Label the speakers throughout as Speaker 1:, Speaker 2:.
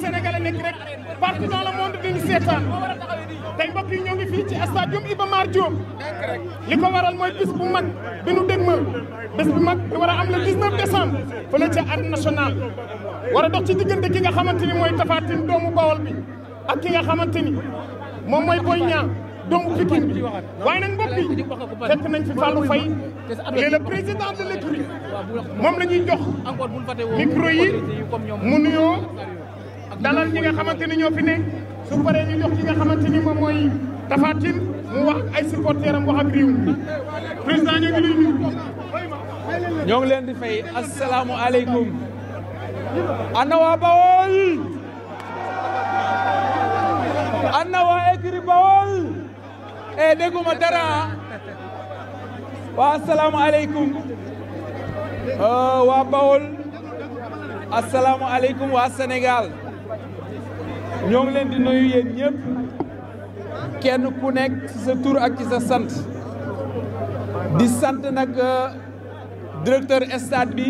Speaker 1: sénégalais nekk rek partout dans le monde dañu seetaan tey mbokk yi ñoo fii ci stade Iba Mar Diop li ko waral mooy bis bu mag bi nu dégmal bés bu mag bi war a am le 19 décembre fële ca arène nationale war a dox ci diggante ki nga xamante ni mooy Tapha Tine doomu Bawol ki nga xamante ni moom mooy Boy Niang doomu Pikine bi waaye nag mbokk yi fekk nañ fi Fallou Faye léegi le président de l'écurie moom la ñuy jox micro yi mu nuyoo dalal ñi nga xamante ni ñoo fi nekk su paree ñu jox ki nga xamante ni moom mooy Tapha Tine
Speaker 2: mu wax ay supporteurs am wax ak réew mi président ñu ngi lay nuyu. ñoo ngi leen di fay asalaamualeykum. ana waa Bawol. ana waa écurie Bawol. eh dégguma dara. waa asalaamualeykum. Oh, waa Bawol. asalaamualeykum waa Sénégal. ñoo ngi leen di nuyu yéen ñëpp kenn ku nekk ci sa ak ci sa sant di sant nag euh, directeur stade bi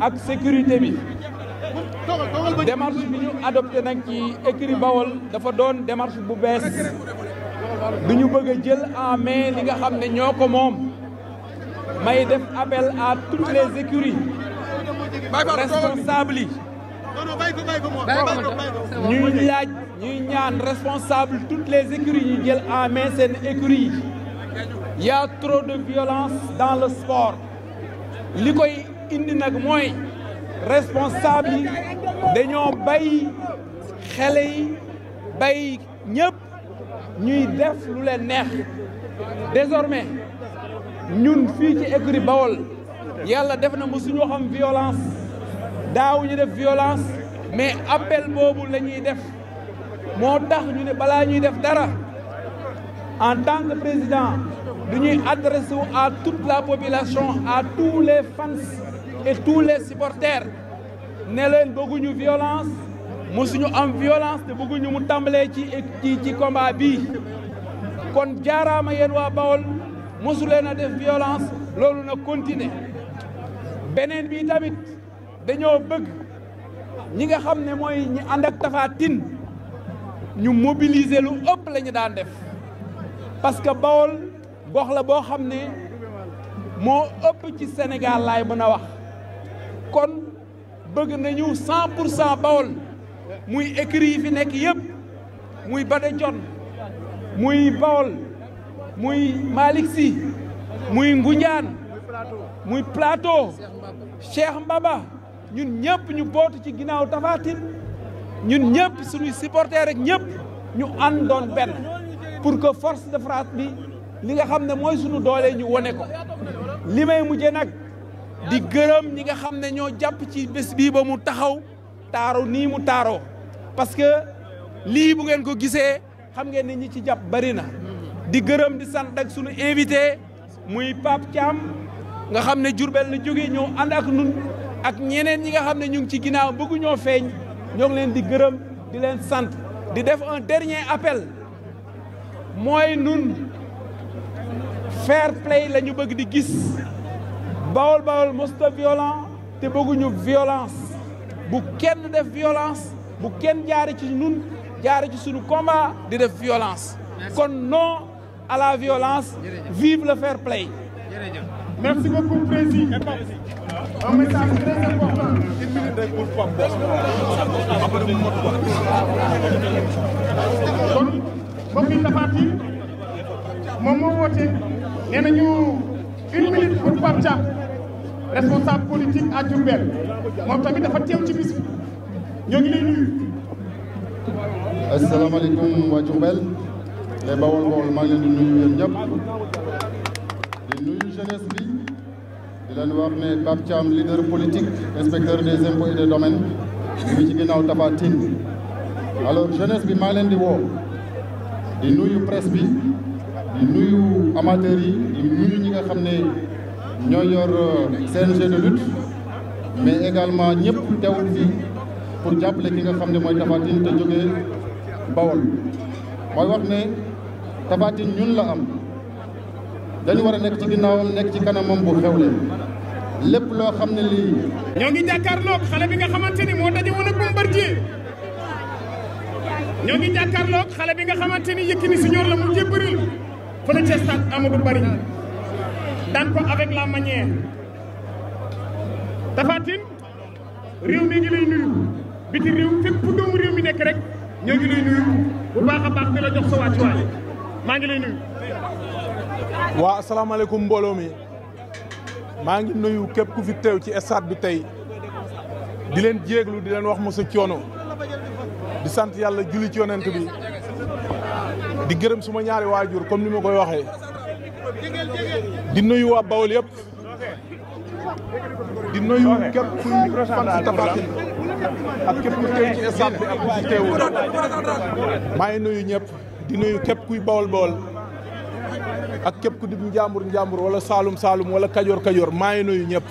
Speaker 2: ak sécurité bi démarche bi ñu adopté nag ci écurie Bawol dafa doon démarche bu bees du ñu bëgg a jël en main li nga xam ne ñoo ko moom may def appel à toutes les écuries responsables yi ñuy laaj ñuy ñaan responsable toutes les écuries yu jël en main seen écurie yi trop de violence dans le sport li koy indi nag mooy responsable yi dañoo bay xele yi bay ñëpp ñuy def lu leen neex désormais ñun fii ci écurie Bawol yàlla def na mu suñu xam violence daaw ñu def violence mais appel boobu la ñuy def moo tax ñu ne balaa ñuy def dara en tant que président du ñuy adressé wu à toute la population à tous les fans et tous les supporters ne leen bëgguñu violence mosuñu am violence te bëgguñu mu tàmbalee ci ci ci combat bii kon jaaraama yéen waa Bawol mosu leen a def violence loolu na continuer beneen bi tamit dañoo bëgg ñi nga xam ne mooy ñi ànd ak Tapha ñu mobiliser lu ëpp la ñu daan def parce que Bawol gox la boo xam ne moo ëpp ci Sénégal laay mën a wax kon bëgg nañu cent pour cent Bawol muy écrit yi fi nekk yëpp muy Bada Dione muy Bawol muy Malick Sy muy Ngunjaan muy Plateau Cheikh Mbaba ñun ñëpp ñu bootu ci ginnaaw Tapha ñun ñëpp suñuy supporter rek ñëpp ñu àndoon benn pour que force de frappe bi li nga xam ne mooy sunu doole ñu wone ko li may mujje nag di gërëm ñi nga xam ne ñoo jàpp ci bés bii ba mu taxaw taaru nii mu taaroo parce que lii bu ngeen ko gisee xam ngeen ne ñi ci jàpp bari na di gërëm di sant ak sunu invité muy Pape Thiam nga xam ne Jurbel la jógee ñoo ànd ak nun ak ñeneen ñi nga xam ne ñu ngi ci ginnaaw bëggu ñoo feeñ ñoo ngi leen di gërëm di leen sant di def un dernier appel mooy nun fair play la bëgg di gis bawol bawol mosta violent te bëgguñu violence bu kenn def violence bu kenn jaare ci nun jaare ci suñu combat di def violence kon non à la violence vive le fair play un message
Speaker 1: très important.
Speaker 2: une minute rek pour
Speaker 1: moom moom moo woote nee nañu une minute pour PAM responsable politique à Diourbel moom tamit dafa teew ci bis bi ñoo ngi lay nuyu. asalaamaaleykum waa Bawol Bawol maa ngi leen di nuyu yéen ñëpp di nuyu jeunesse bi. leen wax ne Pape Thiam leader politique inspecteur des impôts et des domaines ñu ci ginnaaw Tapha Tine alors jeunesse bi maa leen di woo di nuyu presse bi di nuyu amateurs di nuyu ñi nga xam ne ñoo yor euh, CNG de lutte mais également ñëpp teewul fii pour jàppale ki nga xam ne mooy Tapha Tine te jógee Bawol mooy wax ne Tapha ñun la am dañu war a nekk ci ginnaawam nekk ci kanamam bu xewle lépp loo xam ne lii. ñoo ngi jàkkaarloog xale bi nga xamante ni moo daje woon ak Bombardier ñoo ngi jàkkaarloog xale bi nga xamante ni Yékini Senior la mu jébbaril fële ca stade Amadou Barry daan ko avec la manière. Tapha Tine réew mi ngi lay nuyu biti réew fépp doomu mi nekk rek ñoo ngi bu baax a la jox sa wàccuwaay maa ngi
Speaker 3: lay nuyu. waa asalaamaaleykum mbooloo mi. maa ngi nuyu képp ku fi teew ci stade bi tey di leen jéeglu di leen wax mosa coono di sant yàlla julli ci yonent bi di gërëm suma ñaari waajur comme ni ma koy waxee di nuyu waa Bawol yëpp di nuyu képp ku fan si Tapha ak képp ku teew ci stade bi
Speaker 2: ak ku fi teewul
Speaker 3: maa ngi nuyu ñëpp di nuyu képp kuy Bawol Bawol ak képp ku di njàmbur njàmbur wala saalum saalum wala kajoor kajoor maa ngi nuyu ñëpp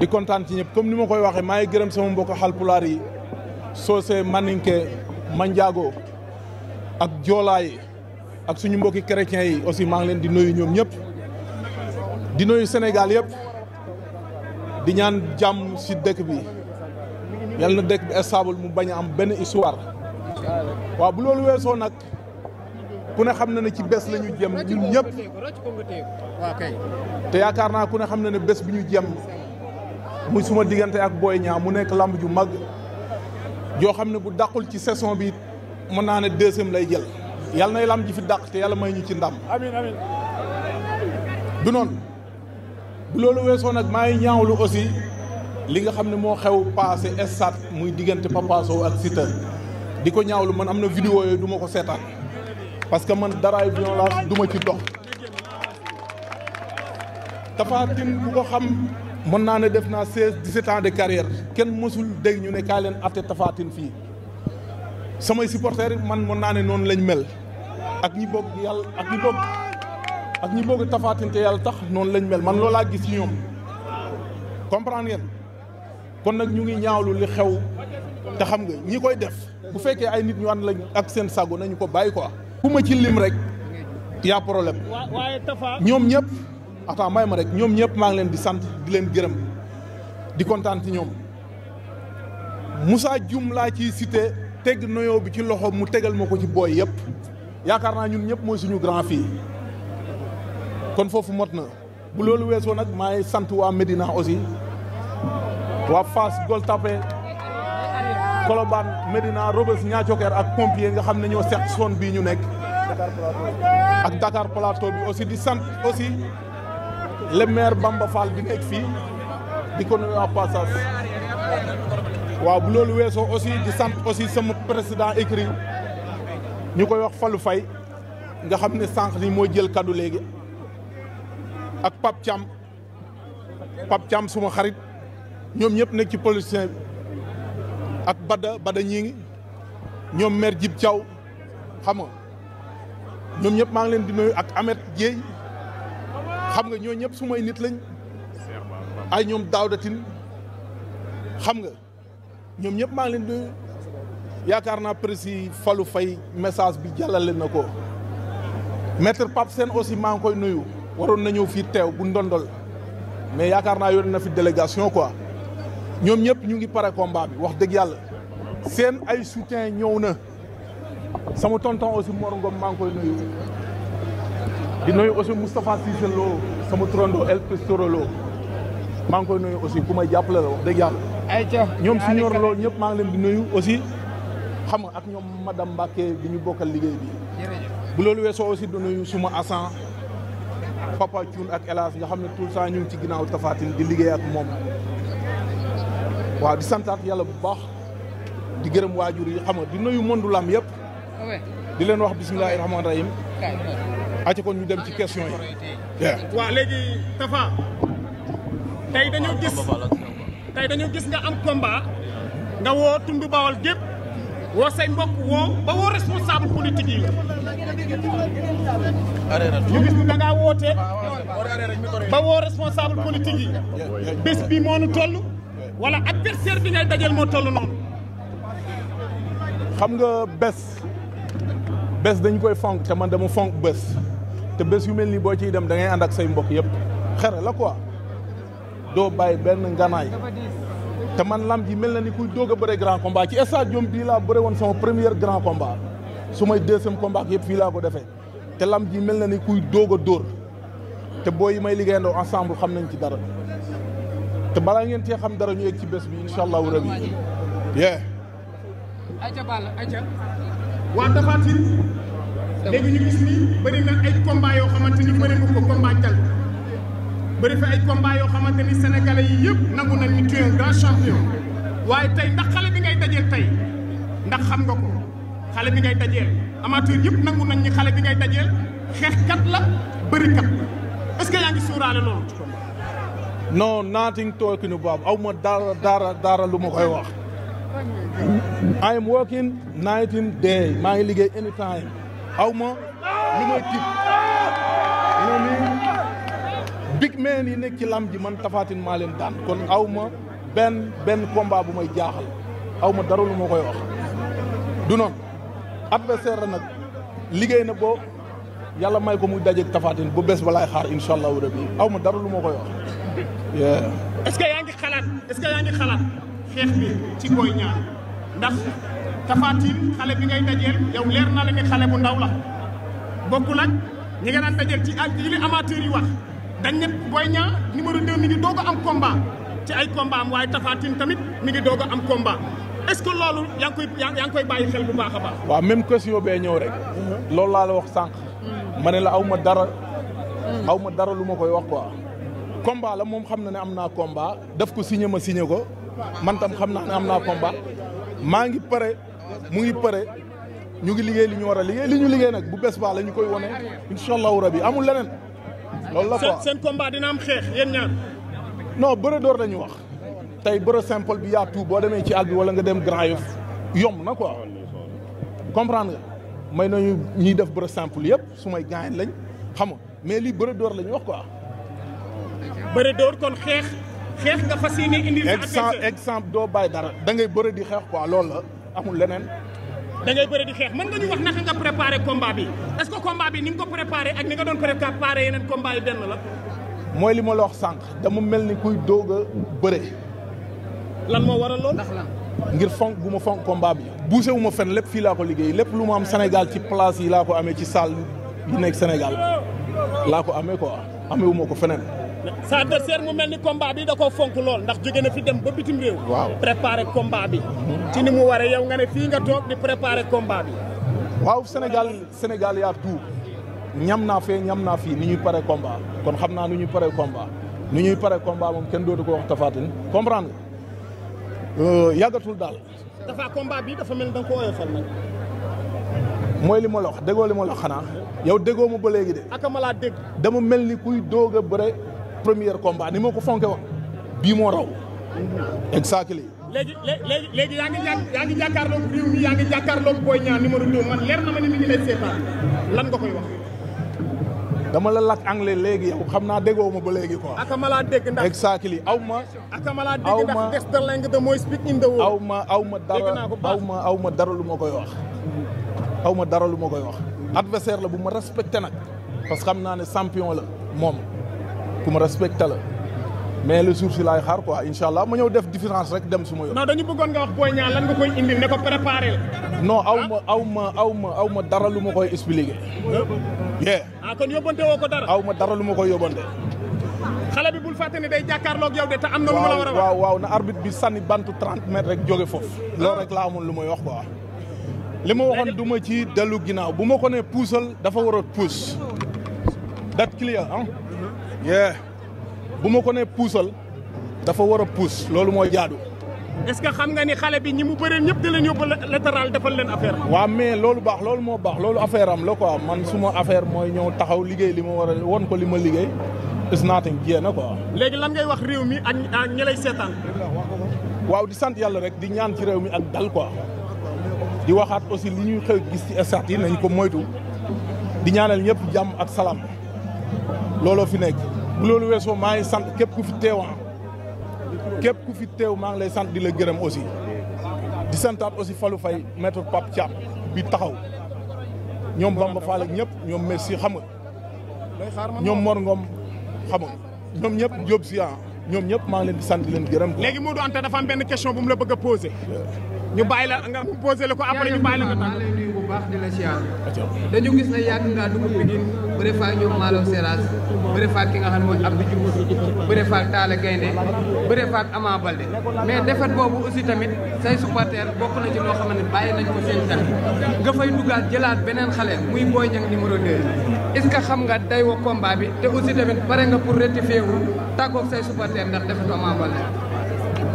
Speaker 3: di kontaan ci ñëpp comme ni ma koy waxee maa ngi gërëm sama mbokk xalpulaar yi soose maninke manjaago ak joolaa yi ak suñu mbokki chrétiens yi aussi maa ngi leen di nuyu ñoom ñëpp di nuyu Sénégal yëpp di ñaan jàmm si dëkk bi yal na dëkk bi stable mu bañ a am benn histoire waaw bu loolu weesoo ku ne xam na ne ci bés la ñu jëm ñun ñëpp te yaakaar naa ku ne xam na ne bés bi ñu jëm muy suma diggante ak Boy Niang mu nekk làmb ju mag joo xam ne bu dàqul ci saison bi mën naa ne deuxième lay jël yàlla nay lamb ji fi dàq te yàlla may ñu ci ndam amiin noon bu loolu weesoo nag maa ngi ñaawlu aussi li nga xam ne moo xew passé stade muy diggante Papa Sow ak Siteu di ko ñaawlu man am na vidéo yooyu du ma ko seetaan parce que man daraay violence du ma ci dox Tapha Tine bu ko xam mën naa ne def naa seize dix-sept de carrière kenn mësul dégg ñu ne leen atte tafaatin fii samay supporters man mën naa ne noonu lañ mel ak ñi bokk yàlla ak ñi bokk ak ñi bokk Tapha Tine te yàlla tax noonu lañ mel man loolaa gis ñoom comprendre ngeen kon nag ñu ngi ñaawlu li xew te xam nga ñi koy def bu fekkee ay nit ñu ànd lañ ak seen sago nañu ko bàyyi quoi ku ma ci lim rek yaa problème ñoom ñëpp attends may ma rek ñoom ñëpp maa ngi leen di sant di leen gërëm di kontaan ci ñoom Moussa jum laa ciy cité teg noyoo bi ci loxo mu tegal ma ko ci booy yëpp yaakaar naa ñun ñëpp mooy suñu grand fii kon foofu mot na bu loolu weesoo nag maay sant waa Médina aussi waa Fass Gueule Tapée Colobane Medina Robes Niathioker ak pompier nga xam ne ñoo seq zone bii ñu nekk. ak Dakar Plateau bi aussi di sant aussi le maire Bamba Fall bi nekk fii di ko nuyu en passage. waaw bu loolu weesoo aussi di sant aussi sama président écrit ñu koy wax Fallou fay nga xam ne sànq ni moo jël kaddu léegi ak Pape Thiam Pape Thiam suma xarit ñoom ñëpp nekk ci politicien bi. ak Bada Bada ñii ñoom maire Djib caw xam nga ñoom ñëpp maa ngi leen di nuyu ak Amet Dieye xam nga ñoo ñëpp sumay nit lañ ay ñoom tin xam nga ñoom ñëpp maa ngi leen di yaakaar naa prési falu fay message bi jàllale na ko maître Pape seen aussi maa ngi koy nuyu waroon na ñëw fii teew bu ndondol mais yaakaar naa yoon na fi délégation quoi ñoom ñëpp ñu ngi pare combat bi wax dëgg yàlla seen ay soutien ñëw na sama tonton aussi Mor Ngom maa ngi koy nuyu di nuyu aussi Moustapha Cissé Lo sama turando El Pistoro Lo maa ngi aussi ku may jàppale la wax dëgg yàlla.
Speaker 1: ayca ñoom si ñor loolu
Speaker 3: ñëpp maa ngi leen di nuyu aussi xam nga ak ñoom madame Mbacke bi ñu bokkal liggéey bi. bu loolu weesoo aussi di nuyu suma asan papa Thioune ak El Hadj nga xam ne tout le temps ñu ngi ci ginnaaw Tapha Tine di liggéey ak moom. waaw di santaat yàlla bu baax di gërëm waajur yi xam nga di nuyu du lam yëpp. di leen wax bisimilah rahmaani rahim. acca kon ñu dem ci question yi.
Speaker 1: waaw léegi Tafa tey dañoo gis tey nga am combat nga woo tund bawal gépp woo say mbokk woo ba woo responsable politique yi. ñu gis nga dangaa woote ba woo responsable politique yi bés bi moo nu toll. wala adversaire bi ngay dajeel moo toll noonu.
Speaker 3: xam nga bés bes dañ koy fonk te man dama fonk bés te bés yu mel nii boo ciy dem da ngay ànd ak say mbokk yëpp xere la quoi doo bàyyi benn nganaay te man lam ji mel na ni kuy doog a bëre grand combat ci stade jom bii laa bëre woon sama première grand combat su may deuxième combat yëpp fii laa ko defee te lam ji mel na ni kuy doog a dóor te boo yi may liggéeyandoo ensemble xam nañ ci dara. te balaa ngeen cee xam dara ñu yegg ci bés bi incha allahu rabi yee.
Speaker 1: ayca Balla ayca. waa Tapha
Speaker 3: léegi ñu gis ni
Speaker 1: bëri na ay combat xamante ni bëri na ko jàng bëri fa ay combat xamante ni sénégalais yi yëpp nangu nañ ni tu es champion waaye tey ndax xale bi ngay dajeel tey ndax xam nga ko xale bi ngay dajeel amateur yëpp nangu nañ ni xale bi ngay dajeel xeexkat la bërikat la est-ce que yaa ngi sóoraale loolu.
Speaker 3: non nothing talking about aw ma dara dara lu ma koy wax I am working night maa ngi liggéey anytime aw ma lu may tiit ne ni big man yi nekk ci lam ji man tafaatin Tine maa daan kon aw ma benn benn combat bu may jaaxal aw ma dara lu ma koy du noonu adversaire la nag liggéey na boo yàlla may ko mu dajeeg Tapha Tine bu bés ba laay xaar incha allahu rabi aw ma dara lu ma koy wax
Speaker 1: est-ce que yaa ngi xalaat est yaa ngi xalaat xeex bi ci Boy Niang ndax Tapha xale bi ngay dajeel yow leer na la ni xale bu ndaw la bokkul ak ñi nga dajeel ci ak li amateurs yi wax dañ ne Boy Niang numéro 2 mi ngi doog am combat ci ay combat am waaye Tapha tamit mi ngi doog am combat est-ce que loolu yaa ngi xel bu baax a baax.
Speaker 3: waaw même question bee ñëw rek. Uh-huh. loolu laa la wax sànq. Hmm. ma ne la aw ma dara. Hmm. aw ma dara lu ma koy wax quoi. combat la moom xam na ne am naa combat daf ko signé ma signé ko man tam xam naa ne am naa combat maa ngi pare mu ngi pare ñu ngi liggéey li ñu war a liggéey li ñu liggéey nag bu bés baa la ñu koy wone incha allahu rabi amul leneen. loolu la quoi seen combat dina am xeex yéen ñaar. non bëre door ñu wax tey bëre simple bi yaa tout boo demee ci àll bi wala nga dem Grand Yoff yomb na quoi comprendre may nañu ñuy def bëre simple yëpp su may gaañ lañ xam nga mais lii bëre door la ñu wax quoi. bëri dóor kon xeex xeex nga fas indi. exemple doo bàyyi dara da ngay bëri di xeex quoi loolu la amul leneen.
Speaker 1: da ngay bëri di xeex mën nga ñu wax naka bi est-ce que bi ni ko préparé ak ni nga doon préparé yeneen combat yi benn la.
Speaker 3: mooy li ma la wax sànq dama mel ni kuy doog a bëre.
Speaker 1: lan moo waral lool ndax lan.
Speaker 3: ngir fonk gu ma fonk combat bi. bougé wu ma fenn lépp fii laa liggéey lépp lu ma am Sénégal ci place yi laa ko amee ci salle yi nekk Sénégal laa ko amee quoi amee wu ma ko feneen.
Speaker 1: sa adversaire mu mel ni combat bi da koo fonk ndax jóge na fi dem ba bitim réew. waaw préparer combat bi. ni mu waree yow nga ne fii nga toog di préparer combat bi.
Speaker 3: waaw Sénégal Sénégal yaa tout ñam naa fee ñam naa fii ni ñuy paree combat kon xam naa nu ñuy pare combat ni ñuy paree combat moom kenn doo ko wax Tapha Tine comprendre nga euh, yàggatul daal.
Speaker 1: dafa combat bi dafa mel ni da nga ko
Speaker 3: mooy li ma la wax déggoo li ma xanaa. yow déggoo ma ba léegi de. ak ma dégg. dama mel ni kuy doog première combat ni moo ko fonke woon bii moo raw. exactement. léegi léegi léegi yaa ngi jà yaa mi
Speaker 1: yaa ngi jàkkaarloog Boy Niang numéro 2 man leer na ma ni mi ngi lay seetaan lan nga koy wax.
Speaker 3: dama la làkk anglais léegi yow xam naa déggoo ma ba léegi quoi. akama laa dégg ndax exactly aw ma. akama laa dégg ndax Dexter Lengte mooy speak in the world. aw ma aw ma dara aw ma aw ma dara lu ma koy wax. aw ma dara lu ma koy wax. adversaire la bu ma respecté nag. parce que xam naa ne champion la moom. ku ma la mais le jour si laay xaar quoi incha allah ma ñëw def différence rek dem su ma yoon. non dañu bëggoon nga wax Boy Niang lan koy indil ne ko préparé la. non aw ma aw ma aw ma aw ma dara lu ma koy expliqué. yee. ah kon yóbbante woo ko dara. aw ma dara lu ma koy yóbbante.
Speaker 1: xale bi bul fàtte ne day jàkkaarloo
Speaker 3: ak yow de am lu ma la war a wax waaw waaw na arbitre bi sànni bantu 30 mètres rek jóge foofu. loolu rek laa amoon lu may wax quoi. li ma waxoon du ma ci dellu ginnaaw bu ma ko nee puusal dafa war a puus. dat clear ah. yee bu ma ko ne puusal dafa war a puus loolu moo jaadu.
Speaker 1: est-ce que xam nga ni xale bi ñi mu bëreel ñëpp di leen yóbbu latéral defal leen affaire.
Speaker 3: waaw mais loolu baax loolu moo bax loolu affaire am la quoi man suma affaire mooy ñëw taxaw liggéey li ma war a won ko li ma liggéey is nothing jéem na quoi.
Speaker 1: léegi lan ngay wax réew mi ak ak ñi lay seetaan.
Speaker 3: waaw di sant yàlla rek di ñaan ci réew mi ak dal quoi di waxaat aussi li ñuy xew gis si stade yi nañ ko moytu di ñaanal ñëpp jàmm ak salaam looloo fi nekk. bu loolu weesoo maa ngi sant képp ku fi teew ah. képp ku fi teew maa ngi lay sant di la gërëm aussi di santaat aussi falu fay maître Pape Thiam bi taxaw ñoom Bamba Fall ak ñëpp ñoom merci xam nga ñoom Mor Ngom xam nga ñoom ñëpp Diop si ñoom ñëpp maa ngi leen di sant di leen gërëm. léegi Modou Anta dafa am benn question bu mu la bëgg a poser.
Speaker 1: ñu bàyyi la nga posé la ko après ñu bàyyi la nga tàggatoo. maa lay nuyu bu baax di la siyaar. dañu gis ne yàgg ngaa dugg Pikine bëre fa ñoom Malaw Seras bëre fa ki nga xam ne mooy Abdou Diouf bëre fa Talla Gaynde bëre fa Ama Balde mais defet boobu aussi tamit say supporter bokk na ci loo xam ne bàyyi nañ ko seen tan nga fay duggaat jëlaat beneen xale muy Boy Niang numéro 2 est-ce que xam nga day wa combat bi te aussi tamit bare nga pour rectifier wu tàggoog say supporter ndax
Speaker 3: défaite Ama Balde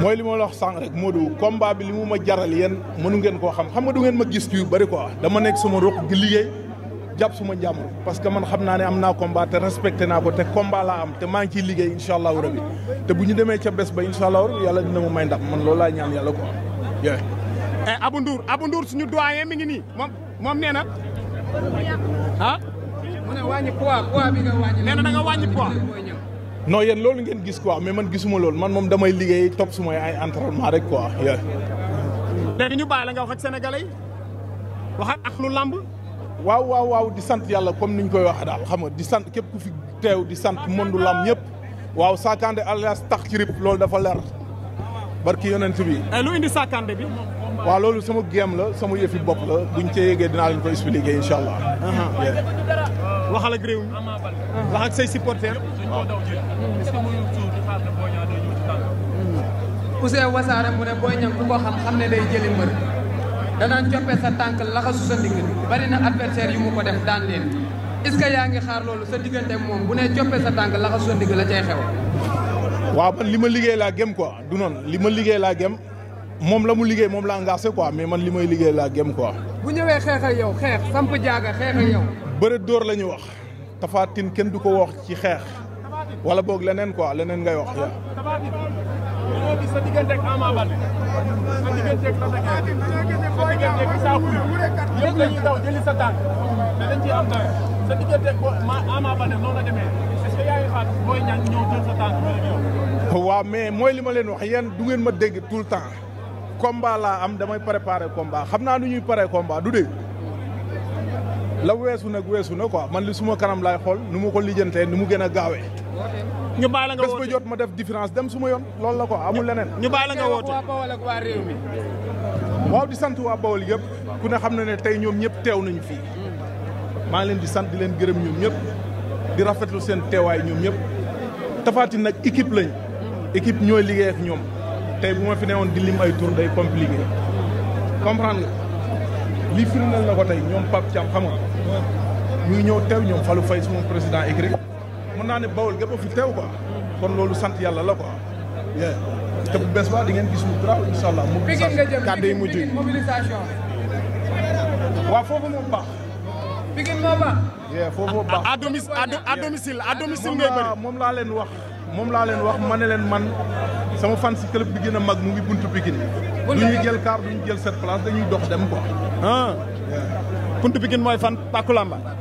Speaker 3: mooy li ma la wax sànq moo Modou combat bi li mu ma jaral yéen mënu ngeen koo xam xam nga du ngeen ma gis yu bëri quoi. dama nekk suma roq gi liggéey jàpp suma njàmbur parce que man xam naa ne am naa combat te respecté naa ko te combat laa am te maa ngi ciy liggéey incha allahu rabi te bu ñu demee ca bes ba incha allahu rabi yàlla dina ma may ndam man loolu laa ñaan yàlla quoi. yooyu.
Speaker 1: Eh, Abou Ndour Abou Ndour suñu doyen mi ngi nii moom moom nee na ah.
Speaker 3: non yéen loolu ngeen gis quoi mais man gisuma loolu man moom damay liggéey topp su may ay entraînement rek quoi.
Speaker 1: léegi ñu bàyyi la nga wax ak sénégalais yi
Speaker 3: wax ak lu làmb. waaw waaw waaw di sant yàlla comme niñ koy wax daal xam nga di sant képp ku fi teew di sant monde làmb ñëpp. waaw Sakandé alias tax ci rip loolu dafa leer barki yonent bi.
Speaker 1: Eh, lu indi Sakandé bi.
Speaker 3: waa loolu sama géem la sama yëfi bopp la buñ ca yéegee dinaa leen ko expliquer incha allah. Uh-huh. waxal ak réew mi wax ak say supporters.
Speaker 1: Ousseyn Wassare mu ne Boy Niang ku ko xam xam ne day jëli mbër danaan coppe sa tànk laxasu sa bari na adversaire yu mu ko def daan leen yaa ngi xaar loolu sa diggante moom bu ne coppe sa tànk laxasu sa a la
Speaker 3: waaw man li ma liggéey laa gëm ko du noonu li ma liggéey laa gëm moom la mu liggéey moom la engagé quoi mais man li may liggéey laa gëm ko
Speaker 1: bu ñëwee xeex ak yow xeex samp jaaga xeex ak
Speaker 3: bëre dóor la ñu wax Tapha kenn du ko wax ci xeex wala boog leneen quoi leneen ngay wax ya waaw mais mooy li ma leen wax yéen du ngeen ma dégg tout le temps combat laa am damay préparer combat xam naa nu ñuy pare combat du dégg la weesu nag weesu na quoi man li suma kanam laay xool nu mu ko lijjantee nu mu gën a gaawee. ñu baal la nga woote bés ba jot ma def différence dem suma yoon loolu la ko amul leneen. ñu baal la nga woote waa
Speaker 1: Bawol ak waa réew mi.
Speaker 3: waaw di sant waa Bawol yëpp ku ne xam na ne tey ñoom ñëpp teew nañu fii maa ngi leen di sant di leen gërëm ñoom ñëpp di rafetlu seen teewaay ñoom ñëpp tafaati nag équipe lañ équipe ñooy liggéey ak ñoom tey bu ma fi newoon di lim ay tour day compliqué comprendre li firndeel na ko ñoom Pape Thiam ñu ngi ñëw teew ñoom Fallou Faye suma président écrit mën naa ne Bawol gépp fi teew quoi kon loolu sant yàlla la quoi te bu bees ba di ngeen gis lu garaaw incha allah
Speaker 1: mobilisation kàddu yi mujj mobilisation
Speaker 3: waaw foofu moo baax Pikine foofu moo baax à domicile à domicile à domicile moom laa leen wax moom laa leen wax ma ne leen man sama fan si club bi gën a mag mu ngi buntu Pikine du ñu jël car du ñu jël cette place dañuy dox dem ko ah buntu Pikine mooy fan Pakulamba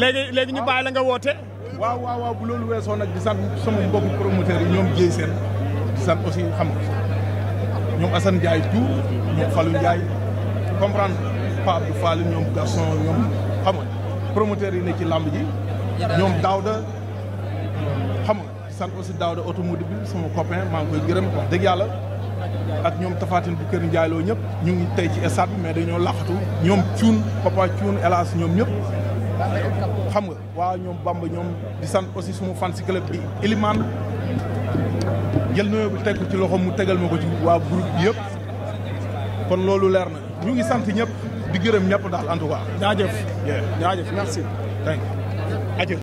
Speaker 3: léegi léegi ñu bàyyi la nga woote. waaw waaw waaw bu loolu weesoo nag di sant sama mbokku promoteur yi ñoom Dieye Sène di sant aussi xam nga ñoom Assane Ndiaye tout ñoom Fallou Ndiaye comprendre Pape du ñoom garçon ñoom xam nga promoteur yi ne ci lamb ji ñoom Daouda xam nga di sant aussi Daouda automobile sama copain maa ngi koy gërëm wax dëgg yàlla. ak ñoom Tafatine bu kër Ndiaye loo ñëpp ñu ngi tey ci stade bi mais dañoo laxatu ñoom cuun papa cuun hélas ñoom ñëpp xam nga waaw ñoom Bamba ñoom di sant aussi suma fan si club bi Elimane jël nuyoo bi teg ci loxo mu tegal ma ko ci waa groupe yëpp kon loolu leer na ñu ngi sant ñëpp di gërëm ñëpp daal en tout a jaajëf jaajëf merci.